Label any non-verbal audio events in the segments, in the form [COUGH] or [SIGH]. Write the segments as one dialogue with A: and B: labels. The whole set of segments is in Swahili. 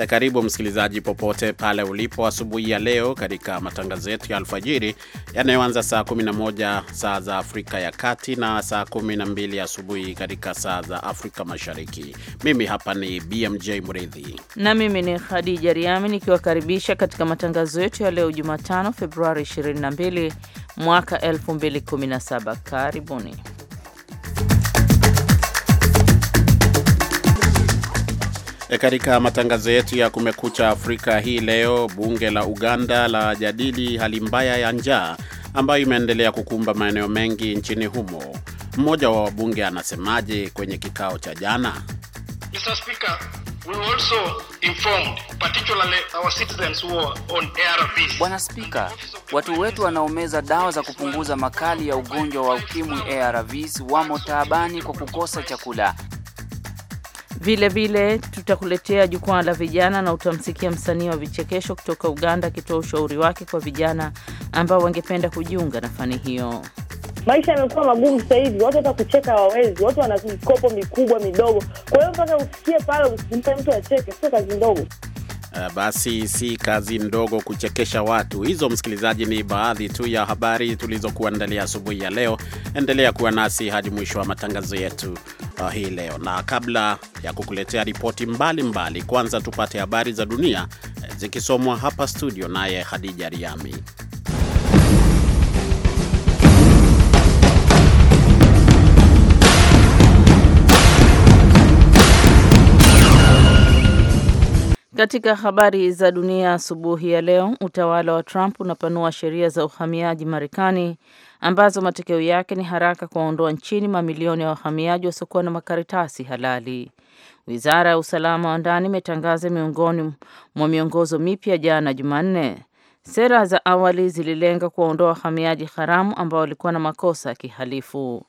A: Eh, karibu msikilizaji, popote pale ulipo asubuhi ya leo katika matangazo yetu ya alfajiri yanayoanza saa 11 saa za Afrika ya Kati na saa 12 asubuhi katika saa za Afrika Mashariki. Mimi hapa ni BMJ Mridhi
B: na mimi ni Khadija Riami nikiwakaribisha katika matangazo yetu ya leo Jumatano, Februari 22 mwaka 2017. Karibuni.
A: E, katika matangazo yetu ya Kumekucha Afrika hii leo, bunge la Uganda la jadili hali mbaya ya njaa ambayo imeendelea kukumba maeneo mengi nchini humo. Mmoja wa wabunge anasemaje kwenye kikao cha jana?
C: Mr.
D: Speaker, we also informed particularly our citizens who are on ARVs.
E: Bwana Spika, watu wetu wanaomeza dawa za kupunguza makali ya ugonjwa wa ukimwi ARVs wamo taabani kwa kukosa chakula.
B: Vile vile tutakuletea jukwaa la vijana na utamsikia msanii wa vichekesho kutoka Uganda akitoa ushauri wake kwa vijana ambao wangependa kujiunga na fani hiyo.
C: Maisha yamekuwa magumu sasa hivi, watu hata kucheka hawawezi, watu wana mikopo mikubwa midogo. Kwa hiyo mpaka usikie pale, usimpe mtu acheke, sio kazi ndogo.
A: Eh, basi si kazi ndogo kuchekesha watu. Hizo msikilizaji, ni baadhi tu ya habari tulizokuandalia asubuhi ya leo. Endelea kuwa nasi hadi mwisho wa matangazo yetu uh, hii leo, na kabla ya kukuletea ripoti mbalimbali, kwanza tupate habari za dunia eh, zikisomwa hapa studio naye Hadija Riami.
B: Katika habari za dunia asubuhi ya leo, utawala wa Trump unapanua sheria za uhamiaji Marekani ambazo matokeo yake ni haraka kuwaondoa nchini mamilioni ya wahamiaji wasiokuwa na makaratasi halali. Wizara ya usalama wa ndani imetangaza miongoni mwa miongozo mipya jana Jumanne. Sera za awali zililenga kuwaondoa wahamiaji haramu ambao walikuwa na makosa ya kihalifu.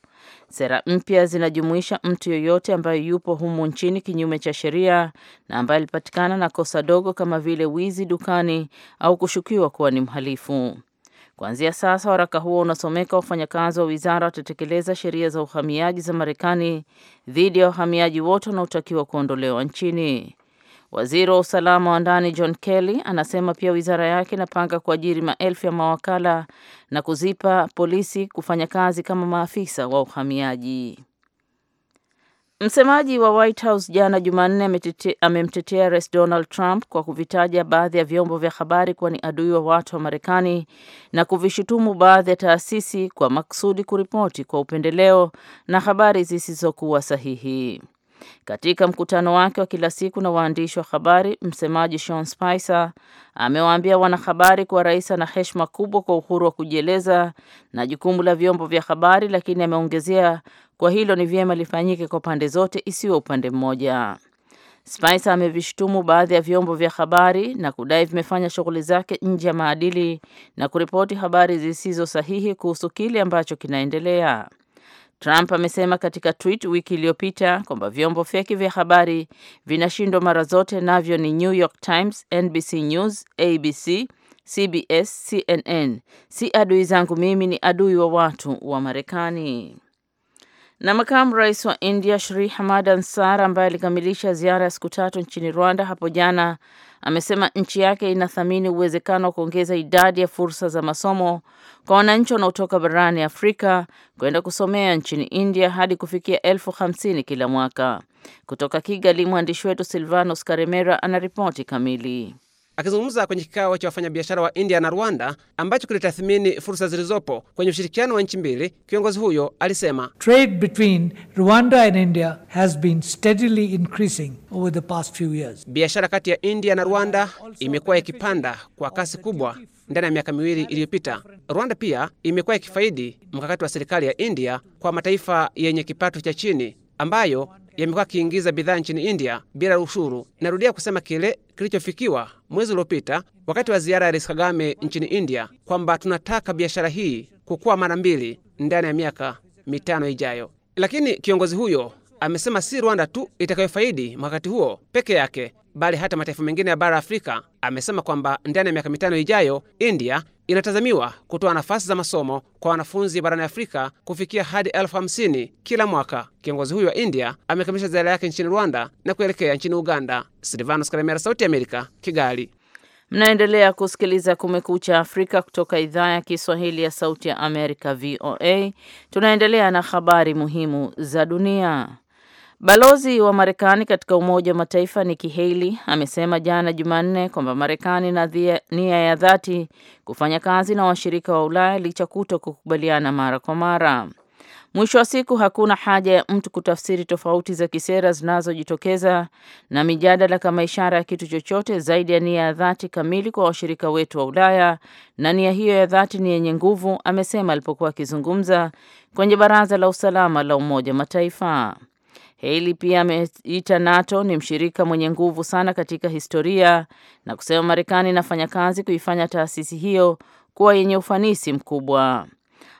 B: Sera mpya zinajumuisha mtu yoyote ambaye yupo humu nchini kinyume cha sheria na ambaye alipatikana na kosa dogo kama vile wizi dukani au kushukiwa kuwa ni mhalifu. Kuanzia sasa waraka huo unasomeka, wafanyakazi wa wizara watatekeleza sheria za uhamiaji za Marekani dhidi ya wahamiaji wote wanaotakiwa kuondolewa nchini. Waziri wa usalama wa ndani John Kelly anasema pia wizara yake inapanga kuajiri maelfu ya mawakala na kuzipa polisi kufanya kazi kama maafisa wa uhamiaji. Msemaji wa White House jana Jumanne amemtetea Rais Donald Trump kwa kuvitaja baadhi ya vyombo vya habari kuwa ni adui wa watu wa Marekani na kuvishutumu baadhi ya taasisi kwa makusudi kuripoti kwa upendeleo na habari zisizokuwa sahihi. Katika mkutano wake wa kila siku na waandishi wa habari, msemaji Sean Spicer amewaambia wanahabari kuwa rais ana heshima kubwa kwa uhuru wa kujieleza na jukumu la vyombo vya habari, lakini ameongezea kwa hilo ni vyema lifanyike kwa pande zote, isiwe upande mmoja. Spicer amevishtumu baadhi ya vyombo vya habari na kudai vimefanya shughuli zake nje ya maadili na kuripoti habari zisizo sahihi kuhusu kile ambacho kinaendelea. Trump amesema katika tweet wiki iliyopita kwamba vyombo feki vya habari vinashindwa mara zote, navyo ni New York Times, NBC News, ABC, CBS, CNN. Si adui zangu mimi, ni adui wa watu wa Marekani. Na makamu rais wa India Shri Hamad Ansar ambaye alikamilisha ziara ya siku tatu nchini Rwanda hapo jana amesema nchi yake inathamini uwezekano wa kuongeza idadi ya fursa za masomo kwa wananchi wanaotoka barani Afrika kwenda kusomea nchini India hadi kufikia elfu hamsini kila mwaka. Kutoka Kigali, mwandishi wetu Silvanos Karemera anaripoti kamili.
F: Akizungumza kwenye kikao cha wafanyabiashara wa India na Rwanda ambacho kilitathmini fursa zilizopo kwenye ushirikiano wa nchi mbili, kiongozi huyo alisema
E: Trade between Rwanda and India has been steadily increasing over the past few years.
F: Biashara kati ya India na Rwanda imekuwa ikipanda kwa kasi kubwa ndani ya miaka miwili iliyopita. Rwanda pia imekuwa ikifaidi mkakati wa serikali ya India kwa mataifa yenye kipato cha chini ambayo yamekuwa akiingiza bidhaa nchini India bila ushuru. Narudia kusema kile kilichofikiwa mwezi uliopita wakati wa ziara ya Rais Kagame nchini India kwamba tunataka biashara hii kukuwa mara mbili ndani ya miaka mitano ijayo. Lakini kiongozi huyo amesema si Rwanda tu itakayofaidi wakati huo peke yake, bali hata mataifa mengine ya bara Afrika. Amesema kwamba ndani ya miaka mitano ijayo India inatazamiwa kutoa nafasi za masomo kwa wanafunzi barani Afrika kufikia hadi elfu hamsini kila mwaka. Kiongozi huyu wa India amekamilisha ziara yake nchini Rwanda na kuelekea nchini
B: Uganda. Silvanos Karemera, Sauti ya Amerika, Kigali. Mnaendelea kusikiliza Kumekucha Afrika kutoka idhaa ya Kiswahili ya Sauti ya Amerika, VOA. Tunaendelea na habari muhimu za dunia. Balozi wa Marekani katika Umoja wa Mataifa Nikki Haley amesema jana Jumanne kwamba Marekani ina nia ya dhati kufanya kazi na washirika wa Ulaya licha kuto kukubaliana mara kwa mara. Mwisho wa siku hakuna haja ya mtu kutafsiri tofauti za kisera zinazojitokeza na mijadala kama ishara ya kitu chochote zaidi ya nia ya dhati kamili kwa washirika wetu wa Ulaya, na nia hiyo ya dhati ni yenye nguvu, amesema alipokuwa akizungumza kwenye Baraza la Usalama la Umoja Mataifa. Haley pia ameita NATO ni mshirika mwenye nguvu sana katika historia na kusema Marekani inafanya kazi kuifanya taasisi hiyo kuwa yenye ufanisi mkubwa.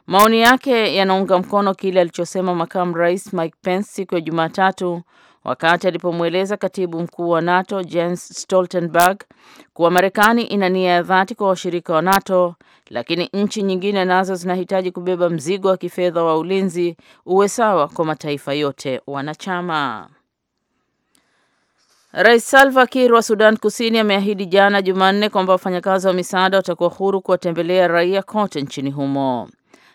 B: Maoni yake yanaunga mkono kile alichosema makamu rais Mike Pence siku ya Jumatatu wakati alipomweleza katibu mkuu wa NATO Jens Stoltenberg kuwa Marekani ina nia ya dhati kwa washirika wa NATO, lakini nchi nyingine nazo zinahitaji kubeba mzigo wa kifedha wa ulinzi uwe sawa kwa mataifa yote wanachama. Rais Salva Kiir wa Sudan Kusini ameahidi jana Jumanne kwamba wafanyakazi wa misaada watakuwa huru kuwatembelea raia kote nchini humo.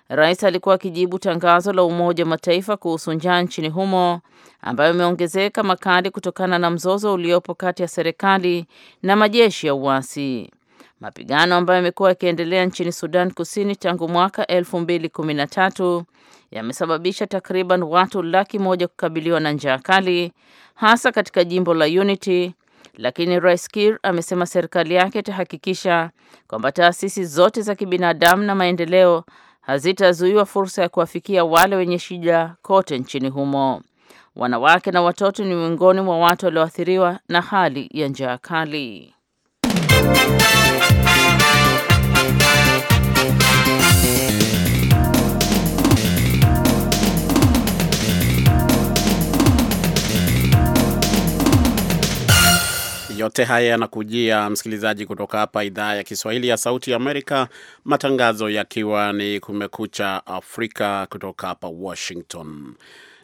B: Rais alikuwa akijibu tangazo la Umoja wa Mataifa kuhusu njaa nchini humo ambayo imeongezeka makali kutokana na mzozo uliopo kati ya serikali na majeshi ya uasi. Mapigano ambayo yamekuwa yakiendelea nchini Sudan Kusini tangu mwaka 2013 yamesababisha takriban watu laki moja kukabiliwa na njaa kali hasa katika jimbo la Unity, lakini Rais Kiir amesema serikali yake itahakikisha kwamba taasisi zote za kibinadamu na maendeleo hazitazuiwa fursa ya kuwafikia wale wenye shida kote nchini humo. Wanawake na watoto ni miongoni mwa watu walioathiriwa na hali ya njaa kali.
A: Yote haya yanakujia msikilizaji, kutoka hapa idhaa ya Kiswahili ya Sauti Amerika, matangazo yakiwa ni Kumekucha Afrika kutoka hapa Washington.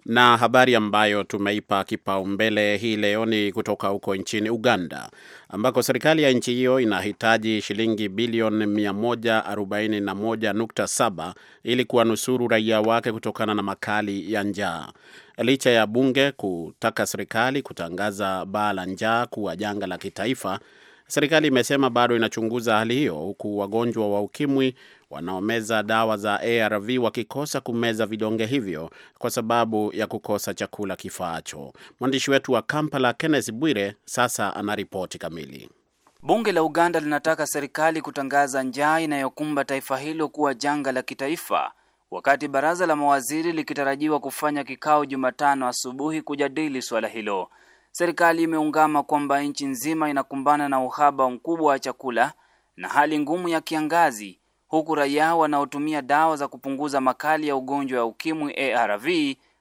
A: Na habari ambayo tumeipa kipaumbele hii leo ni kutoka huko nchini Uganda ambako serikali ya nchi hiyo inahitaji shilingi bilioni 141.7 ili kuwanusuru raia wake kutokana na makali ya njaa. Licha ya bunge kutaka serikali kutangaza baa la njaa kuwa janga la kitaifa, Serikali imesema bado inachunguza hali hiyo, huku wagonjwa wa ukimwi wanaomeza dawa za ARV wakikosa kumeza vidonge hivyo kwa sababu ya kukosa chakula kifaacho. Mwandishi wetu wa Kampala, Kenneth Bwire, sasa ana ripoti kamili.
E: Bunge la Uganda linataka serikali kutangaza njaa inayokumba taifa hilo kuwa janga la kitaifa, wakati baraza la mawaziri likitarajiwa kufanya kikao Jumatano asubuhi kujadili suala hilo. Serikali imeungama kwamba nchi nzima inakumbana na uhaba mkubwa wa chakula na hali ngumu ya kiangazi, huku raia wanaotumia dawa za kupunguza makali ya ugonjwa wa ukimwi ARV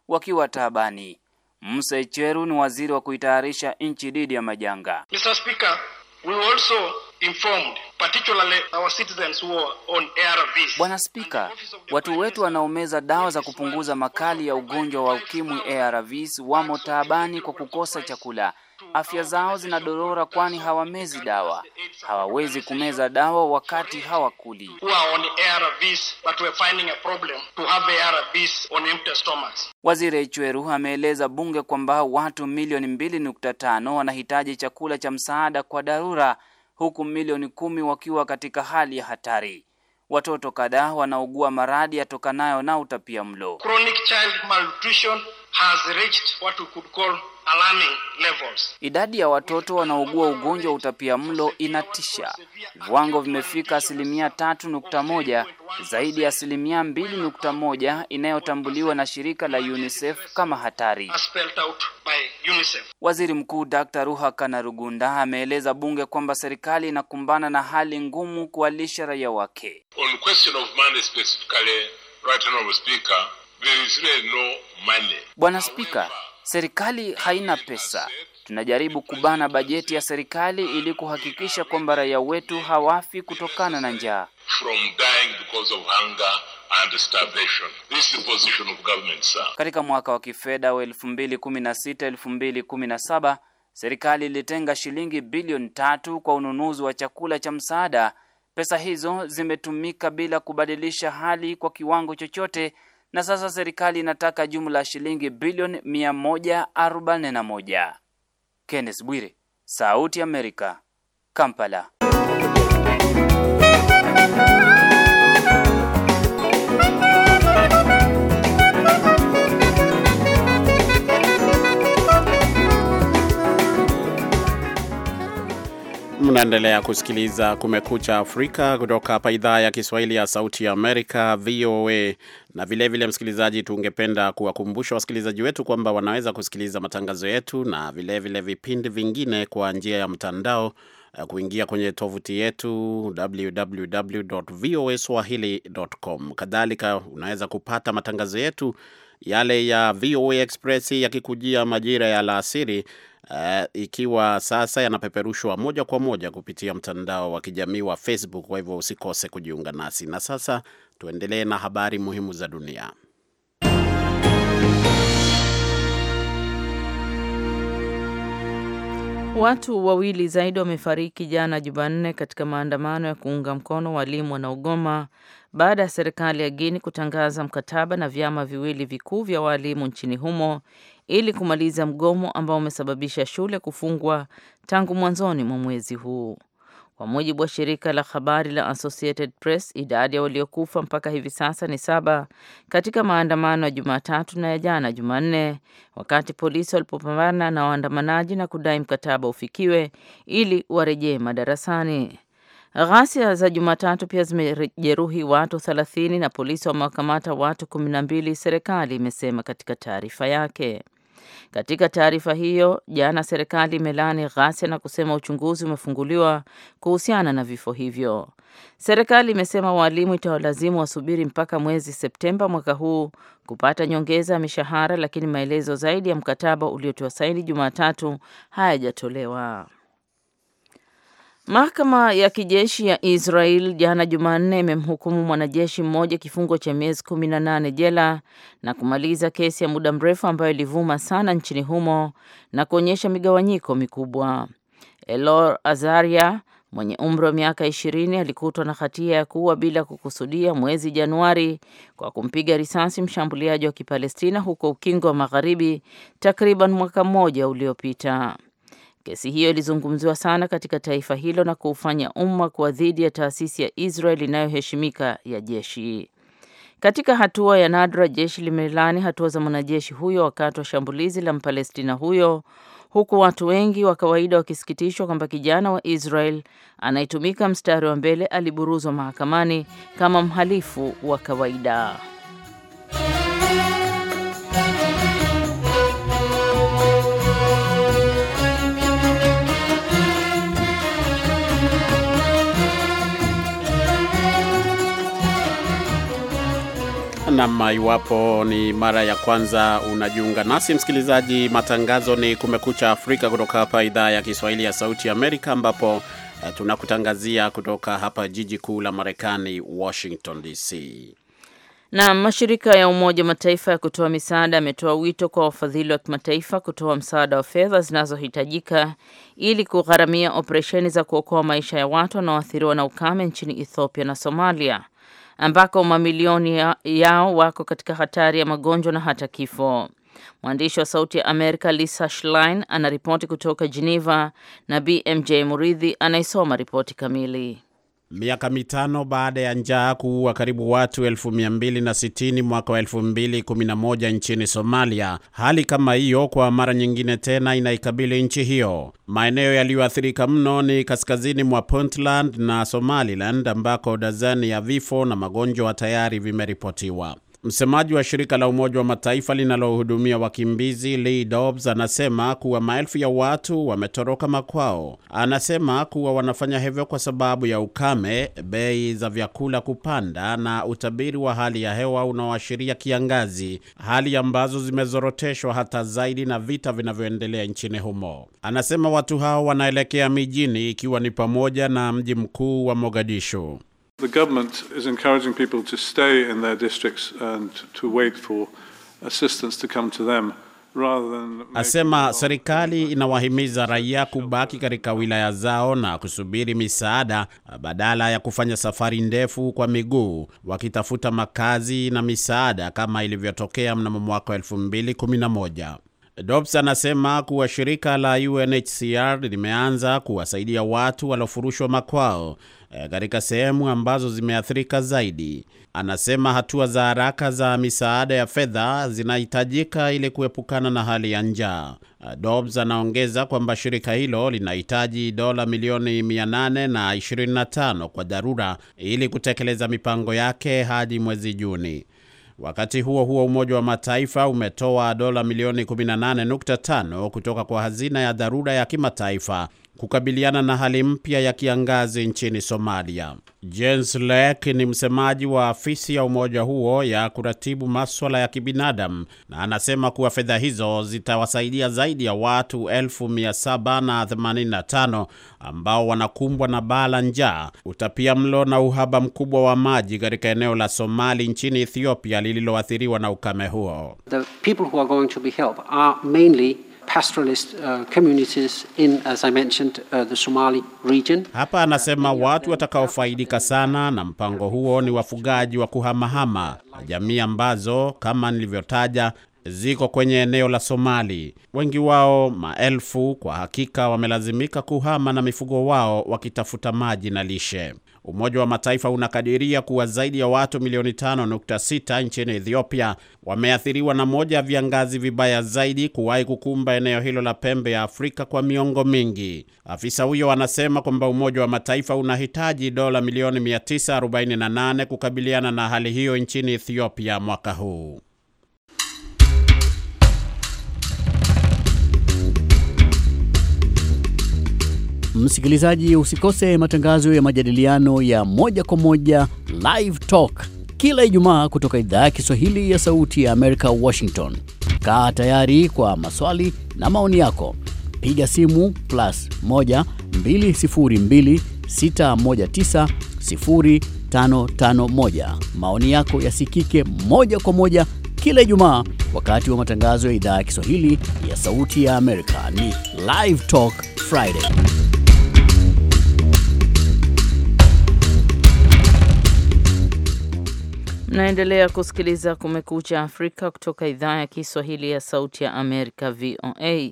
E: wakiwa taabani. Musa Echeru ni waziri wa kuitayarisha nchi dhidi ya majanga.
D: Mr. Speaker, we also informed particularly our citizens who are on ARVs.
E: Bwana Spika, watu wetu wanaomeza dawa za kupunguza makali ya ugonjwa wa ukimwi ARVs wamo taabani kwa kukosa chakula. Afya zao zinadorora kwani hawamezi dawa, hawawezi kumeza dawa wakati hawakuli. Waziri echweru ameeleza bunge kwamba watu milioni 2.5 wanahitaji chakula cha msaada kwa dharura huku milioni kumi wakiwa katika hali ya hatari. Watoto kadhaa wanaugua maradhi yatokanayo na utapia mlo.
C: Chronic
D: child malnutrition has reached what we could call alarming levels.
E: Idadi ya watoto wanaougua ugonjwa wa utapia mlo inatisha. Viwango vimefika asilimia tatu nukta moja, zaidi ya asilimia mbili nukta moja inayotambuliwa na shirika la UNICEF kama hatari. Waziri Mkuu Dr. Ruha Kanarugunda ameeleza bunge kwamba serikali inakumbana na hali ngumu kuwalisha raia wake.
A: On question of money specifically, right now speaker, there is really no money.
E: Bwana Spika, serikali haina pesa. Tunajaribu kubana bajeti ya serikali ili kuhakikisha kwamba raia wetu hawafi kutokana na njaa. Katika mwaka wa kifedha wa 2016-2017 serikali ilitenga shilingi bilioni tatu kwa ununuzi wa chakula cha msaada. Pesa hizo zimetumika bila kubadilisha hali kwa kiwango chochote na sasa serikali inataka jumla shilingi bilioni 141. Kenneth Bwire, Sauti ya Amerika, Kampala.
A: Mnaendelea kusikiliza Kumekucha Afrika kutoka hapa idhaa ya Kiswahili ya Sauti ya Amerika, VOA. Na vilevile vile, msikilizaji, tungependa kuwakumbusha wasikilizaji wetu kwamba wanaweza kusikiliza matangazo yetu na vilevile vile vipindi vingine kwa njia ya mtandao, eh, kuingia kwenye tovuti yetu www voa swahili.com. Kadhalika unaweza kupata matangazo yetu yale ya VOA Express yakikujia majira ya alasiri Uh, ikiwa sasa yanapeperushwa moja kwa moja kupitia mtandao wa kijamii wa Facebook. Kwa hivyo usikose kujiunga nasi, na sasa tuendelee na habari muhimu za dunia.
B: Watu wawili zaidi wamefariki jana Jumanne katika maandamano ya kuunga mkono walimu wanaogoma baada ya serikali ya Guinea kutangaza mkataba na vyama viwili vikuu vya walimu nchini humo ili kumaliza mgomo ambao umesababisha shule kufungwa tangu mwanzoni mwa mwezi huu. Kwa mujibu wa shirika la habari la Associated Press, idadi ya waliokufa mpaka hivi sasa ni saba katika maandamano ya Jumatatu na ya jana Jumanne, wakati polisi walipopambana na waandamanaji na kudai mkataba ufikiwe ili warejee madarasani. Ghasia za Jumatatu pia zimejeruhi watu 30 na polisi wamewakamata watu 12, serikali imesema katika taarifa yake. Katika taarifa hiyo jana, serikali imelaani ghasia na kusema uchunguzi umefunguliwa kuhusiana na vifo hivyo. Serikali imesema walimu itawalazimu wasubiri mpaka mwezi Septemba mwaka huu kupata nyongeza ya mishahara, lakini maelezo zaidi ya mkataba uliotiwa saini Jumatatu hayajatolewa. Mahakama ya kijeshi ya Israel jana Jumanne imemhukumu mwanajeshi mmoja kifungo cha miezi 18 jela na kumaliza kesi ya muda mrefu ambayo ilivuma sana nchini humo na kuonyesha migawanyiko mikubwa. Elor Azaria mwenye umri wa miaka ishirini alikutwa na hatia ya kuua bila kukusudia mwezi Januari kwa kumpiga risasi mshambuliaji wa Kipalestina huko Ukingo wa Magharibi takriban mwaka mmoja uliopita. Kesi hiyo ilizungumziwa sana katika taifa hilo na kuufanya umma kuwa dhidi ya taasisi ya Israel inayoheshimika ya jeshi. Katika hatua ya nadra, jeshi limelani hatua za mwanajeshi huyo wakati wa shambulizi la Mpalestina huyo, huku watu wengi wa kawaida wakisikitishwa kwamba kijana wa Israel anayetumika mstari wa mbele aliburuzwa mahakamani kama mhalifu wa kawaida.
A: Nam, iwapo ni mara ya kwanza unajiunga nasi msikilizaji, matangazo ni Kumekucha Afrika kutoka hapa idhaa ya Kiswahili ya Sauti Amerika, ambapo uh, tunakutangazia kutoka hapa jiji kuu la Marekani, Washington DC.
B: Na mashirika ya Umoja Mataifa ya kutoa misaada yametoa wito kwa wafadhili wa kimataifa kutoa msaada wa fedha zinazohitajika ili kugharamia operesheni za kuokoa maisha ya watu wanaoathiriwa na ukame nchini Ethiopia na Somalia ambako mamilioni yao wako katika hatari ya magonjwa na hata kifo. Mwandishi wa Sauti ya Amerika Lisa Schlein anaripoti kutoka Geneva na BMJ Muridhi anaisoma ripoti kamili. Miaka mitano
A: baada ya njaa kuua karibu watu 260 mwaka wa 2011 nchini Somalia, hali kama hiyo kwa mara nyingine tena inaikabili nchi hiyo. Maeneo yaliyoathirika mno ni kaskazini mwa Puntland na Somaliland ambako dazani ya vifo na magonjwa tayari vimeripotiwa. Msemaji wa shirika la Umoja wa Mataifa linalohudumia wakimbizi Lee Dobbs anasema kuwa maelfu ya watu wametoroka makwao. Anasema kuwa wanafanya hivyo kwa sababu ya ukame, bei za vyakula kupanda na utabiri wa hali ya hewa unaoashiria kiangazi, hali ambazo zimezoroteshwa hata zaidi na vita vinavyoendelea nchini humo. Anasema watu hao wanaelekea mijini, ikiwa ni pamoja na mji mkuu wa Mogadishu.
C: The government is encouraging people to stay in their districts and to wait for assistance to come to them.
A: Asema serikali inawahimiza raia kubaki katika wilaya zao na kusubiri misaada badala ya kufanya safari ndefu kwa miguu wakitafuta makazi na misaada kama ilivyotokea mnamo mwaka 2011. Dobbs anasema kuwa shirika la UNHCR limeanza kuwasaidia watu waliofurushwa makwao Eh, katika sehemu ambazo zimeathirika zaidi. Anasema hatua za haraka za misaada ya fedha zinahitajika ili kuepukana na hali ya njaa. Eh, Dobbs anaongeza kwamba shirika hilo linahitaji dola milioni 825 kwa dharura ili kutekeleza mipango yake hadi mwezi Juni. Wakati huo huo, Umoja wa Mataifa umetoa dola milioni 18.5 kutoka kwa hazina ya dharura ya kimataifa kukabiliana na hali mpya ya kiangazi nchini Somalia. Jens Lek ni msemaji wa afisi ya umoja huo ya kuratibu maswala ya kibinadamu, na anasema kuwa fedha hizo zitawasaidia zaidi ya watu 785 ambao wanakumbwa na baa la njaa, utapia mlo na uhaba mkubwa wa maji katika eneo la Somali nchini Ethiopia lililoathiriwa na ukame huo.
F: The people who are going to be helped are mainly pastoralist uh, communities in, as I mentioned, uh, the Somali
A: region. Hapa anasema watu watakaofaidika sana na mpango huo ni wafugaji wa kuhamahama na jamii ambazo kama nilivyotaja ziko kwenye eneo la Somali. Wengi wao, maelfu, kwa hakika wamelazimika kuhama na mifugo wao wakitafuta maji na lishe. Umoja wa Mataifa unakadiria kuwa zaidi ya watu milioni 5.6 nchini Ethiopia wameathiriwa na moja ya viangazi vibaya zaidi kuwahi kukumba eneo hilo la pembe ya Afrika kwa miongo mingi. Afisa huyo anasema kwamba Umoja wa Mataifa unahitaji dola milioni 948 kukabiliana na hali hiyo nchini Ethiopia mwaka huu. Msikilizaji, usikose matangazo ya majadiliano ya moja kwa moja
E: Live Talk kila Ijumaa kutoka idhaa ya Kiswahili ya Sauti ya Amerika, Washington. Kaa tayari kwa maswali na maoni yako, piga simu plus
A: 1 202 619 0551. Maoni yako yasikike moja kwa moja kila Ijumaa
E: wakati wa matangazo ya idhaa ya Kiswahili ya Sauti ya Amerika. Ni Live Talk Friday.
B: Mnaendelea kusikiliza Kumekucha Afrika kutoka idhaa ya Kiswahili ya Sauti ya Amerika, VOA.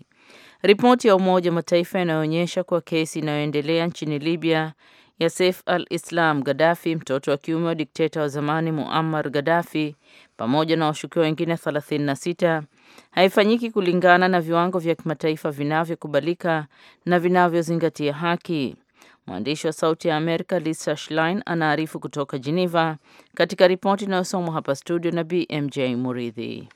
B: Ripoti ya Umoja wa Mataifa inayoonyesha kwa kesi inayoendelea nchini Libya ya Saif al-Islam Gaddafi, mtoto wa kiume wa dikteta wa zamani Muammar Gaddafi, pamoja na washukiwa wengine 36 haifanyiki kulingana na viwango vya kimataifa vinavyokubalika na vinavyozingatia haki. Mwandishi wa Sauti ya Amerika Lisa Schlein anaarifu kutoka Geneva katika ripoti inayosomwa hapa studio na BMJ Muridhi.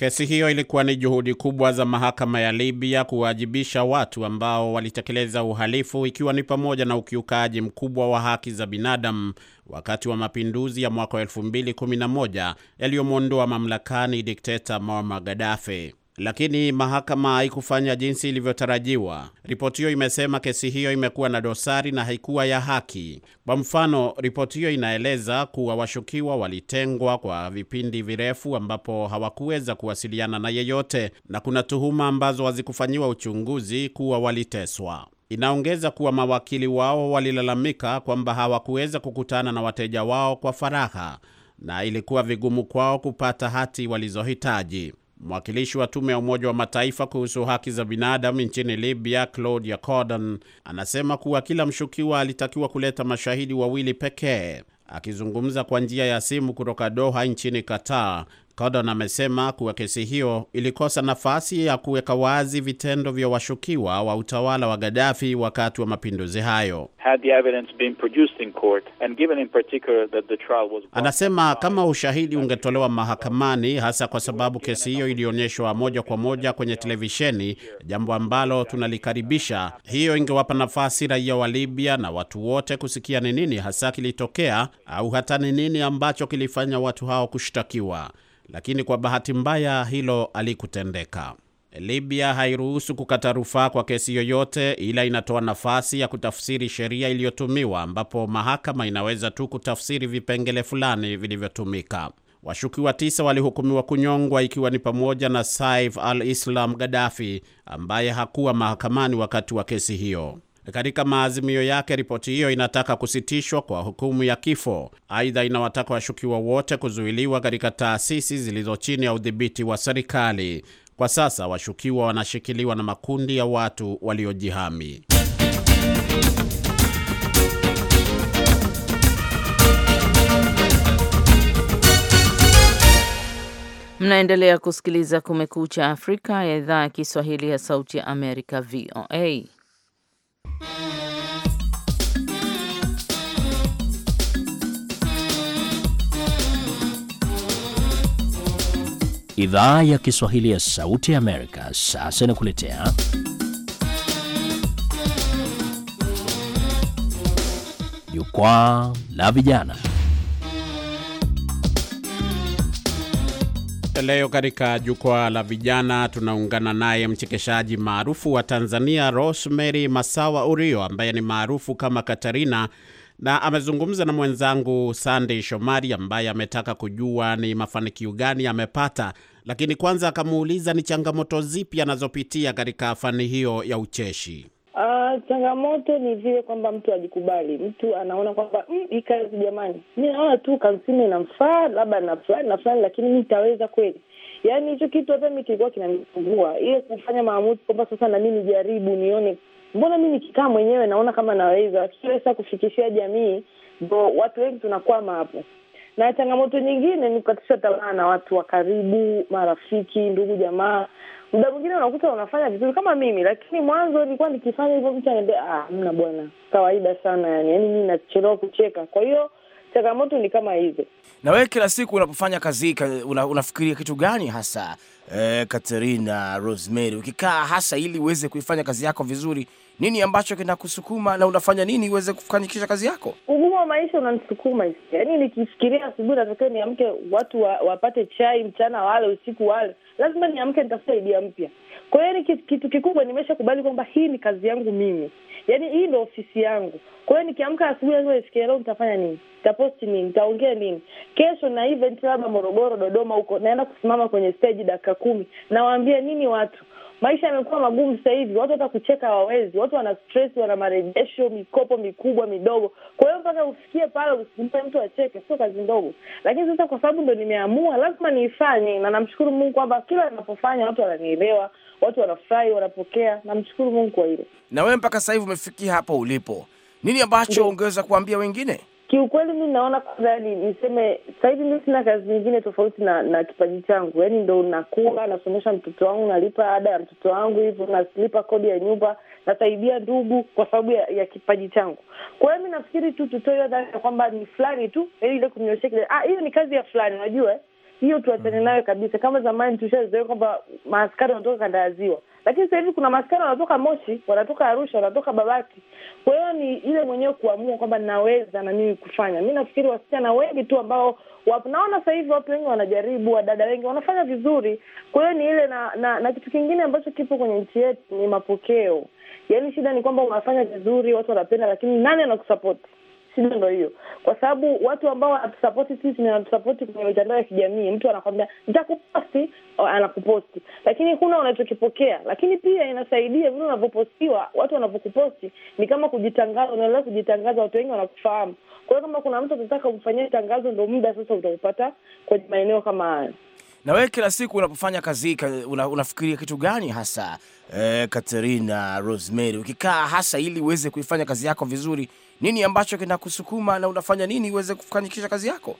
A: Kesi hiyo ilikuwa ni juhudi kubwa za mahakama ya Libya kuwajibisha watu ambao walitekeleza uhalifu ikiwa ni pamoja na ukiukaji mkubwa wa haki za binadamu wakati wa mapinduzi ya mwaka 2011 yaliyomwondoa mamlakani dikteta Muammar Gaddafi lakini mahakama haikufanya jinsi ilivyotarajiwa. Ripoti hiyo imesema kesi hiyo imekuwa na dosari na haikuwa ya haki. Kwa mfano, ripoti hiyo inaeleza kuwa washukiwa walitengwa kwa vipindi virefu ambapo hawakuweza kuwasiliana na yeyote, na kuna tuhuma ambazo hazikufanyiwa uchunguzi kuwa waliteswa. Inaongeza kuwa mawakili wao walilalamika kwamba hawakuweza kukutana na wateja wao kwa faraha na ilikuwa vigumu kwao kupata hati walizohitaji. Mwakilishi wa tume ya Umoja wa Mataifa kuhusu haki za binadamu nchini Libya, Claudia Cordon, anasema kuwa kila mshukiwa alitakiwa kuleta mashahidi wawili pekee. Akizungumza kwa njia ya simu kutoka Doha nchini Qatar, Gordon amesema kuwa kesi hiyo ilikosa nafasi ya kuweka wazi vitendo vya washukiwa wa utawala wa Gaddafi wakati wa mapinduzi hayo. Anasema kama ushahidi ungetolewa mahakamani, uh, hasa kwa sababu kesi hiyo ilionyeshwa moja kwa moja kwenye televisheni, jambo ambalo tunalikaribisha, hiyo ingewapa nafasi raia wa Libya na watu wote kusikia ni nini hasa kilitokea au hata ni nini ambacho kilifanya watu hao kushtakiwa lakini kwa bahati mbaya hilo alikutendeka. Libya hairuhusu kukata rufaa kwa kesi yoyote, ila inatoa nafasi ya kutafsiri sheria iliyotumiwa, ambapo mahakama inaweza tu kutafsiri vipengele fulani vilivyotumika. Washukiwa tisa walihukumiwa kunyongwa ikiwa ni pamoja na Saif al-Islam Gaddafi ambaye hakuwa mahakamani wakati wa kesi hiyo. Katika maazimio yake, ripoti hiyo inataka kusitishwa kwa hukumu ya kifo. Aidha, inawataka washukiwa wote kuzuiliwa katika taasisi zilizo chini ya udhibiti wa serikali. Kwa sasa washukiwa wanashikiliwa na makundi ya watu waliojihami.
B: Mnaendelea kusikiliza Kumekucha Afrika ya idhaa ya Kiswahili ya Sauti ya Amerika, VOA.
E: Idhaa ya Kiswahili ya Sauti ya Amerika sasa inakuletea Jukwaa la Vijana.
A: Leo katika Jukwaa la Vijana tunaungana naye mchekeshaji maarufu wa Tanzania Rosemary Masawa Urio ambaye ni maarufu kama Katarina na amezungumza na mwenzangu sandey Shomari ambaye ametaka kujua ni mafanikio gani amepata lakini kwanza akamuuliza ni changamoto zipi anazopitia katika fani hiyo ya ucheshi.
C: Uh, changamoto ni vile kwamba mtu ajikubali. Mtu anaona kwamba mm, hii kazi jamani, mi naona tu kansima inamfaa labda na fulani na fulani, lakini mi nitaweza kweli? Yaani hicho kitu hata mi kilikuwa kinanipungua ile kufanya maamuzi kwamba sasa na mi nijaribu nione, mbona mi nikikaa mwenyewe naona kama naweza. Lakini sasa kufikishia jamii, ndo watu wengi tunakwama hapo na changamoto nyingine ni kukatisha tamaa na watu wa karibu, marafiki, ndugu, jamaa. Muda mwingine unakuta unafanya vizuri kama mimi, lakini mwanzo nilikuwa nikifanya hivyo, mtu anaambia ah, mna bwana, kawaida sana yani, yani mii nachelewa kucheka. Kwa hiyo changamoto ni kama hizo.
D: Na wewe kila siku unapofanya kazi hii una, unafikiria kitu gani hasa, eh, Katerina eh, Rosemary, ukikaa hasa ili uweze kuifanya kazi yako vizuri nini ambacho kinakusukuma na unafanya nini uweze kufanikisha kazi yako?
C: Ugumu wa maisha unanisukuma, yaani nikifikiria asubuhi natakiwa niamke, watu wa, wapate chai, mchana wale, usiku wale, lazima niamke nitafute idea mpya. Kwa hiyo ni kitu kikubwa, nimeshakubali kwamba hii ni kazi yangu mimi, yaani hii ndo ofisi yangu. Kwa hiyo nikiamka asubuhi lazima nifikirie leo nitafanya nini, nitaposti nini, nitaongea nini, kesho na event labda Morogoro, Dodoma huko naenda kusimama kwenye stage dakika kumi, nawaambia nini watu maisha yamekuwa magumu sasa hivi, watu hata kucheka hawawezi, watu wana stress, wana marejesho, mikopo mikubwa midogo. Kwa hiyo mpaka ufikie pale usimpe mtu acheke, sio kazi ndogo. Lakini sasa kwa sababu ndo nimeamua, lazima niifanye, na namshukuru Mungu kwamba kila ninapofanya watu wananielewa, watu wanafurahi, wanapokea. Namshukuru Mungu kwa hilo.
D: Na wewe mpaka sasa hivi umefikia hapo ulipo, nini ambacho ungeweza kuambia wengine?
C: Kiukweli mi naona kwanza, yani niseme sahivi mi sina kazi nyingine tofauti na na kipaji changu, yani ndo nakula, nasomesha mtoto wangu, nalipa ada ya mtoto wangu, hivyo nalipa kodi ya nyumba, nasaidia ndugu kwa sababu ya, ya kipaji changu. Kwa hiyo mi nafikiri tu tutoe hiyo ya kwamba ni fulani tu, yani ile kunyoshea kile, ah, hiyo ni kazi ya fulani, unajua eh? hiyo tuachane mm. nayo kabisa. Kama zamani tushazoea kwamba maaskari wanatoka kanda ya Ziwa, lakini sasa hivi kuna maaskari wanatoka Moshi, wanatoka Arusha, wanatoka Babati. Kwa hiyo ni ile mwenyewe kuamua kwamba naweza na mimi kufanya. Mi nafikiri wasichana wengi tu ambao naona sasa hivi watu wengi wanajaribu, wadada wengi wanafanya vizuri. Kwa hiyo ni ile na, na, na kitu kingine ambacho kipo kwenye nchi yetu ni mapokeo. Yaani shida ni kwamba unafanya vizuri, watu wanapenda, lakini nani anakusapoti? shida ndo hiyo, kwa sababu watu ambao wanatusapoti sisi na wanatusapoti kwenye mitandao ya kijamii, mtu anakwambia nitakuposti, anakuposti, lakini huna unachokipokea. Lakini pia inasaidia vile unavyopostiwa, watu wanavyokuposti ni kama kujitangaza, unaelewa, kujitangaza, watu wengi wanakufahamu. Kwa hiyo kama kuna mtu atataka kumfanyia tangazo, ndo muda sasa utaupata kwenye maeneo kama hayo.
D: Na wewe kila siku unapofanya kazi hii una, unafikiria kitu gani hasa, eh, Katerina eh, Rosemary, ukikaa hasa ili uweze kuifanya kazi yako vizuri nini ambacho kinakusukuma na unafanya nini uweze kufanikisha kazi yako?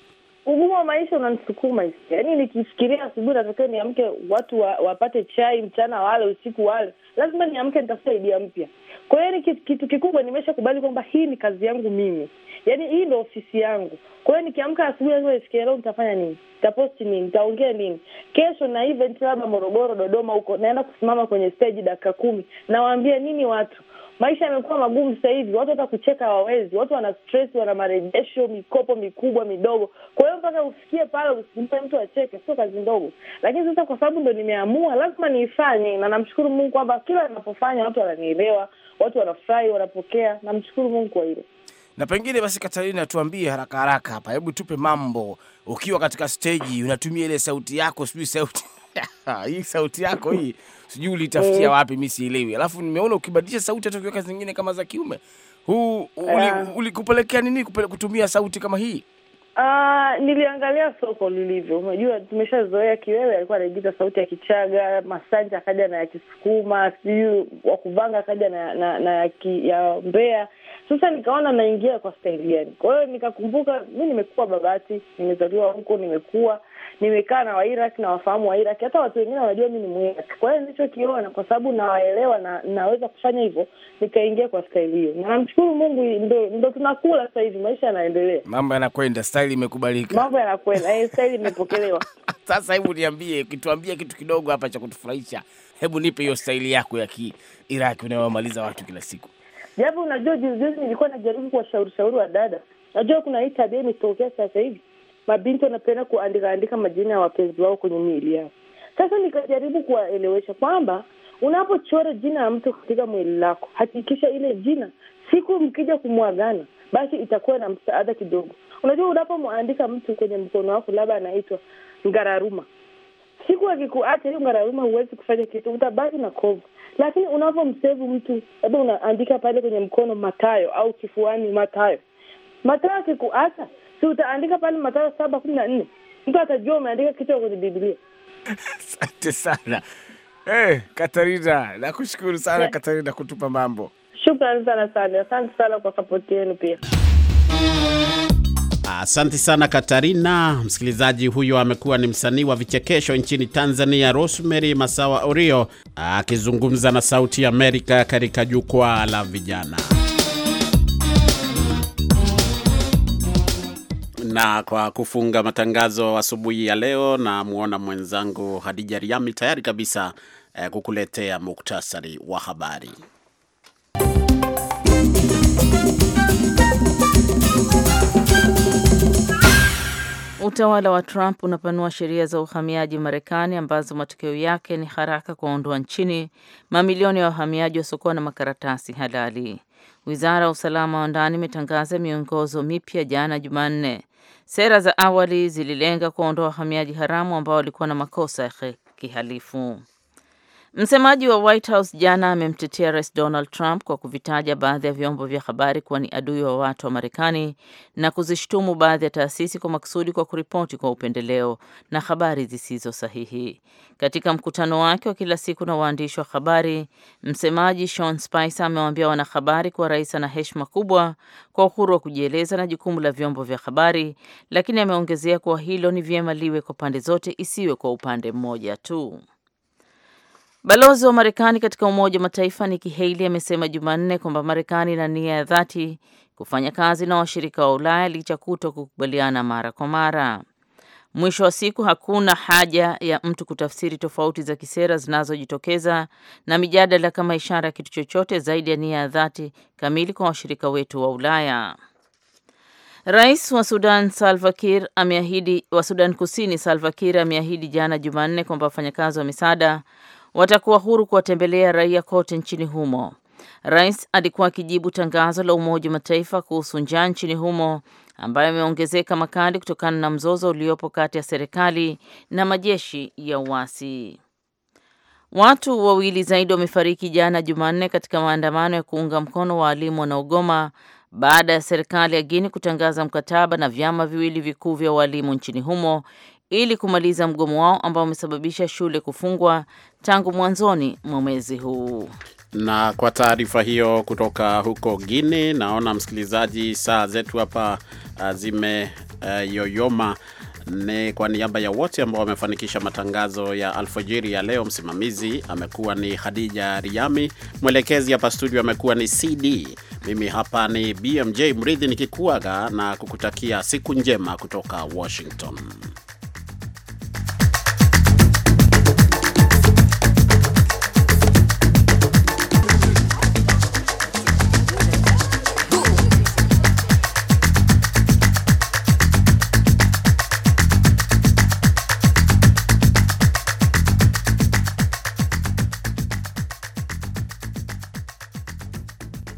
C: Ugumu wa maisha unanisukuma, yaani nikifikiria asubuhi natakiwa niamke, watu wa, wapate chai, mchana wale, usiku wale, lazima niamke, nitafuta idea mpya. Kwa hiyo ni kitu kikubwa, nimeshakubali kwamba hii ni kazi yangu mimi, yaani hii ndo ofisi yangu. Kwa hiyo nikiamka asubuhi lazima nifikirie, leo nitafanya nini, nitaposti nini, nitaongea nini, kesho na event labda Morogoro, Dodoma, huko naenda kusimama kwenye stage dakika kumi, nawaambia nini watu maisha yamekuwa magumu sasa hivi, watu hata kucheka hawawezi, watu wana stress, wana marejesho, mikopo mikubwa midogo. Kwa hiyo mpaka ufikie pale usimpe mtu acheke, sio kazi ndogo. Lakini sasa kwa sababu ndo nimeamua, lazima niifanye, na namshukuru Mungu kwamba kila ninapofanya watu wananielewa, watu wanafurahi, wanapokea. Namshukuru Mungu kwa hilo.
D: Na pengine basi, Katarina, tuambie haraka haraka hapa, hebu tupe mambo, ukiwa katika steji unatumia ile sauti yako, sijui sauti [LAUGHS] Ah, hii sauti yako hii sijui ulitafutia eh. wapi, mi sielewi. Alafu nimeona ukibadilisha sauti hata ukiweka zingine kama za kiume, huu eh. ulikupelekea nini kutumia sauti kama hii?
C: Uh, niliangalia soko lilivyo. Unajua, tumeshazoea Kiwewe alikuwa anaigiza sauti ya Kichaga, Masanja akaja na ya Kisukuma, sijui Wakuvanga akaja na, na, na ya Mbeya. Sasa nikaona naingia kwa staili Kwa hiyo nikakumbuka mi nimekuwa Babati, nimezaliwa huko, nimekuwa nimekaa na Wairaq na wafahamu Wairaq, hata watu wengine wanajua mi ni Mwirak. Kwa hiyo nilichokiona, kwa sababu nawaelewa na naweza kufanya hivyo, nikaingia kwa staili hiyo, na namshukuru Mungu, ndo, ndo tunakula sasa hivi, maisha yanaendelea,
D: mambo yanakwenda, staili imekubalika,
C: mambo yanakwenda e, eh, staili imepokelewa.
D: [LAUGHS] Sasa hebu niambie, kituambie kitu kidogo hapa cha kutufurahisha, hebu nipe hiyo staili yako ya Kiiraki unayowamaliza watu kila siku.
C: Japo unajua, juzijuzi nilikuwa najaribu kuwashauri shauri wa dada, najua kuna hii tabia imetokea sasa hivi, mabinti wanapenda kuandika andika majina ya wapenzi wao kwenye miili yao. Sasa nikajaribu kuwaelewesha kwamba unapochora jina ya mtu katika mwili lako, hakikisha ile jina siku mkija kumwagana, basi itakuwa na msaada kidogo. Unajua, unapomwandika mtu kwenye mkono wako, labda anaitwa Ngararuma, siku akikuacha hiyo Ngararuma, huwezi kufanya kitu, utabaki na kovu lakini unavyomsevu mtu, labda unaandika pale kwenye mkono Matayo au kifuani Matayo. Matayo akikuacha, si utaandika pale Matayo saba kumi na nne mtu atajua umeandika kichwa kwenye Biblia.
D: Asante sana hey, eh, Katarina, nakushukuru sana yeah. Katarina kutupa mambo,
C: shukrani sana sana, asante sana kwa sapoti yenu pia
A: Asante sana Katarina. Msikilizaji huyo amekuwa ni msanii wa vichekesho nchini Tanzania, Rosemary Masawa Orio akizungumza na Sauti Amerika katika jukwaa la vijana. na kwa kufunga matangazo asubuhi ya leo, namwona mwenzangu Hadija Riami tayari kabisa eh, kukuletea muktasari wa habari.
B: Utawala wa Trump unapanua sheria za uhamiaji Marekani ambazo matokeo yake ni haraka kuwaondoa nchini mamilioni ya wahamiaji wasiokuwa na makaratasi halali. Wizara ya usalama wa ndani imetangaza miongozo mipya jana Jumanne. Sera za awali zililenga kuwaondoa wahamiaji haramu ambao walikuwa na makosa ya kihalifu. Msemaji wa White House jana amemtetea Rais Donald Trump kwa kuvitaja baadhi ya vyombo vya habari kuwa ni adui wa watu wa Marekani na kuzishtumu baadhi ya taasisi kwa makusudi kwa kuripoti kwa upendeleo na habari zisizo sahihi. Katika mkutano wake wa kila siku na waandishi wa habari, msemaji Sean Spicer amewaambia wanahabari kuwa rais ana heshima kubwa kwa uhuru wa kujieleza na jukumu la vyombo vya habari, lakini ameongezea kuwa hilo ni vyema liwe kwa pande zote, isiwe kwa upande mmoja tu. Balozi wa Marekani katika Umoja wa Mataifa Nikki Haley amesema Jumanne kwamba Marekani ina nia ya dhati kufanya kazi na washirika wa Ulaya licha kuto kukubaliana mara kwa mara. Mwisho wa siku, hakuna haja ya mtu kutafsiri tofauti za kisera zinazojitokeza na mijadala kama ishara ya kitu chochote zaidi ya nia ya dhati kamili kwa washirika wetu wa Ulaya. Rais wa Sudan Salva Kiir ameahidi wa Sudan Kusini Salva Kiir ameahidi jana Jumanne kwamba wafanyakazi wa misaada watakuwa huru kuwatembelea raia kote nchini humo. Rais alikuwa akijibu tangazo la Umoja wa Mataifa kuhusu njaa nchini humo ambayo imeongezeka makali kutokana na mzozo uliopo kati ya serikali na majeshi ya uasi. Watu wawili zaidi wamefariki jana Jumanne katika maandamano ya kuunga mkono waalimu wanaogoma baada ya serikali ya Guinea kutangaza mkataba na vyama viwili vikuu vya walimu nchini humo ili kumaliza mgomo wao ambao umesababisha shule kufungwa tangu mwanzoni mwa mwezi huu.
A: Na kwa taarifa hiyo kutoka huko guine naona msikilizaji, saa zetu hapa zimeyoyoma. Uh, uh ni kwa niaba ya wote ambao wamefanikisha matangazo ya alfajiri ya leo. Msimamizi amekuwa ni Khadija Riami, mwelekezi hapa studio amekuwa ni CD, mimi hapa ni BMJ Mridhi nikikuaga na kukutakia siku njema kutoka Washington.